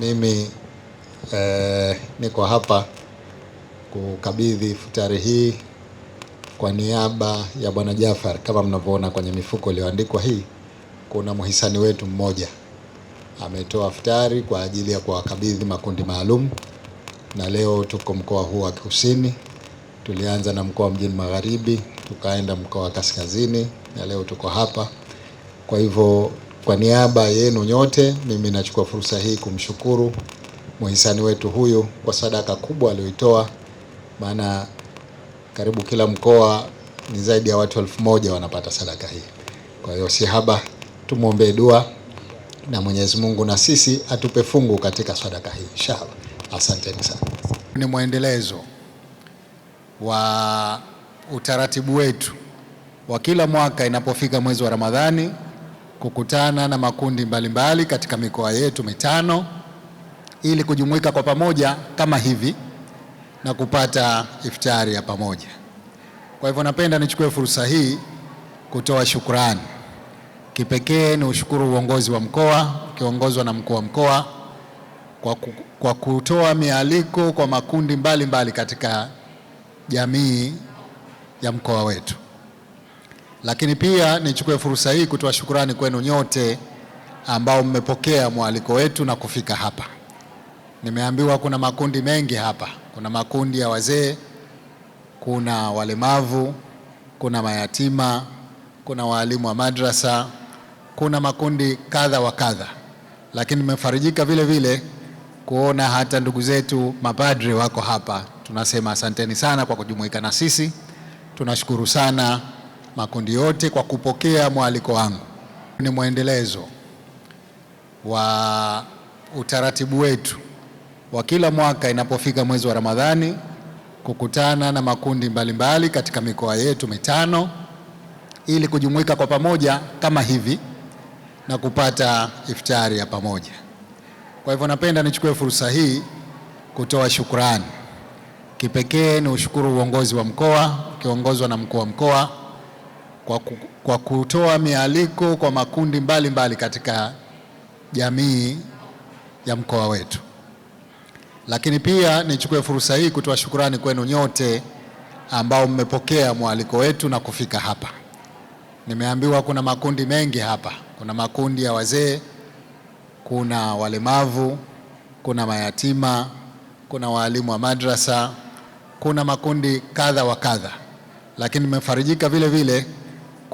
Mimi eh, niko hapa kukabidhi futari hii kwa niaba ya Bwana Jafar. Kama mnavyoona kwenye mifuko iliyoandikwa hii, kuna mhisani wetu mmoja ametoa futari kwa ajili ya kuwakabidhi makundi maalum, na leo tuko mkoa huu wa Kusini. Tulianza na mkoa wa Mjini Magharibi, tukaenda mkoa wa Kaskazini na leo tuko hapa. Kwa hivyo kwa niaba yenu nyote, mimi nachukua fursa hii kumshukuru muhisani wetu huyu kwa sadaka kubwa aliyoitoa, maana karibu kila mkoa ni zaidi ya watu elfu moja wanapata sadaka hii. Kwa hiyo si haba, tumwombee dua na Mwenyezi Mungu na sisi atupe fungu katika sadaka hii inshallah. Asanteni sana. Ni mwendelezo wa utaratibu wetu wa kila mwaka inapofika mwezi wa Ramadhani kukutana na makundi mbalimbali mbali katika mikoa yetu mitano ili kujumuika kwa pamoja kama hivi na kupata iftari ya pamoja. Kwa hivyo napenda nichukue fursa hii kutoa shukrani. Kipekee ni ushukuru uongozi wa mkoa ukiongozwa na mkuu wa mkoa kwa, ku, kwa kutoa mialiko kwa makundi mbalimbali mbali katika jamii ya mkoa wetu. Lakini pia nichukue fursa hii kutoa shukurani kwenu nyote ambao mmepokea mwaliko wetu na kufika hapa. Nimeambiwa kuna makundi mengi hapa, kuna makundi ya wazee, kuna walemavu, kuna mayatima, kuna waalimu wa madrasa, kuna makundi kadha wa kadha, lakini nimefarijika vile vile kuona hata ndugu zetu mapadri wako hapa. Tunasema asanteni sana kwa kujumuika na sisi, tunashukuru sana makundi yote kwa kupokea mwaliko wangu. Ni mwendelezo wa utaratibu wetu wa kila mwaka inapofika mwezi wa Ramadhani kukutana na makundi mbalimbali mbali katika mikoa yetu mitano ili kujumuika kwa pamoja kama hivi na kupata iftari ya pamoja. Kwa hivyo, napenda nichukue fursa hii kutoa shukrani. Kipekee ni ushukuru uongozi wa mkoa ukiongozwa na mkuu wa mkoa kwa, ku, kwa kutoa mialiko kwa makundi mbalimbali mbali katika jamii ya mkoa wetu. Lakini pia nichukue fursa hii kutoa shukurani kwenu nyote ambao mmepokea mwaliko wetu na kufika hapa. Nimeambiwa kuna makundi mengi hapa, kuna makundi ya wazee, kuna walemavu, kuna mayatima, kuna waalimu wa madrasa, kuna makundi kadha wa kadha, lakini nimefarijika vile vile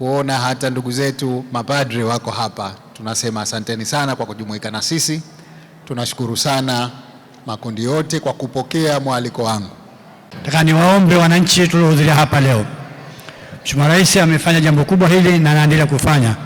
kuona hata ndugu zetu mapadri wako hapa. Tunasema asanteni sana kwa kujumuika na sisi. Tunashukuru sana makundi yote kwa kupokea mwaliko wangu. Nataka niwaombe wananchi tuliohudhuria hapa leo, Mheshimiwa Rais amefanya jambo kubwa hili na anaendelea kufanya,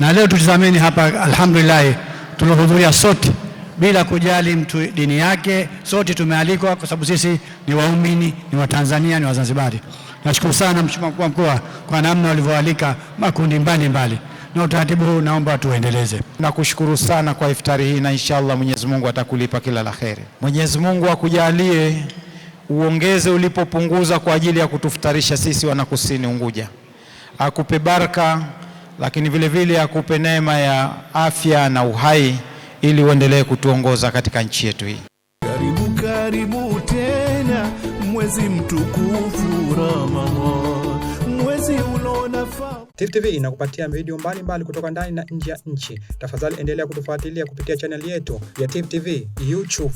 na leo tutizameni hapa, alhamdulillah, tuliohudhuria sote bila kujali mtu dini yake, sote tumealikwa kwa sababu sisi ni waumini, ni Watanzania, ni Wazanzibari. Nashukuru sana Mheshimiwa Mkuu wa Mkoa kwa namna walivyoalika makundi mbalimbali mbali. Na utaratibu huu naomba tuendeleze. Nakushukuru sana kwa iftari hii na inshallah Mwenyezi Mungu atakulipa kila la kheri. Mwenyezi Mungu akujalie uongeze ulipopunguza kwa ajili ya kutufutarisha sisi wanakusini Unguja, akupe baraka, lakini vile vile akupe neema ya afya na uhai ili uendelee kutuongoza katika nchi yetu hii. Karibu, karibu mwezi mtukufu Ramadhani, mwezi unaonafaa. Tifu TV inakupatia video mbalimbali mbali kutoka ndani na nje ya nchi. Tafadhali endelea kutufuatilia kupitia chaneli yetu ya Tifu TV, YouTube,